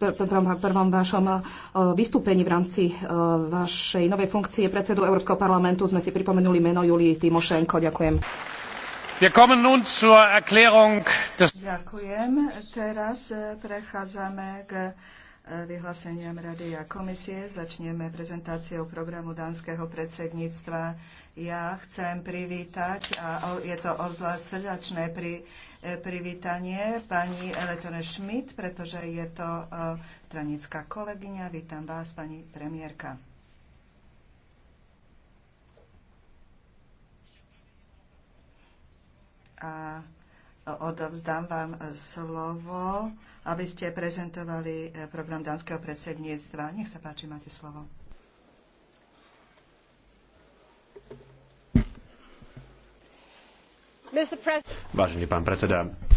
prvom, prvom vašom vystúpení v rámci vašej novej funkcie predsedu Európskeho parlamentu sme si pripomenuli meno Julii Timošenko. Ďakujem. Ďakujem. Teraz e, prechádzame k vyhláseniam Rady a komisie. Začneme prezentáciou programu dánskeho predsedníctva. Ja chcem privítať, a je to obzvlášť srdačné pri, e, privítanie, pani Eletone Schmidt, pretože je to e, stranická kolegyňa. Vítam vás, pani premiérka. A odovzdám vám e, slovo, aby ste prezentovali e, program dánskeho predsedníctva. Nech sa páči, máte slovo. Vážený pán predseda,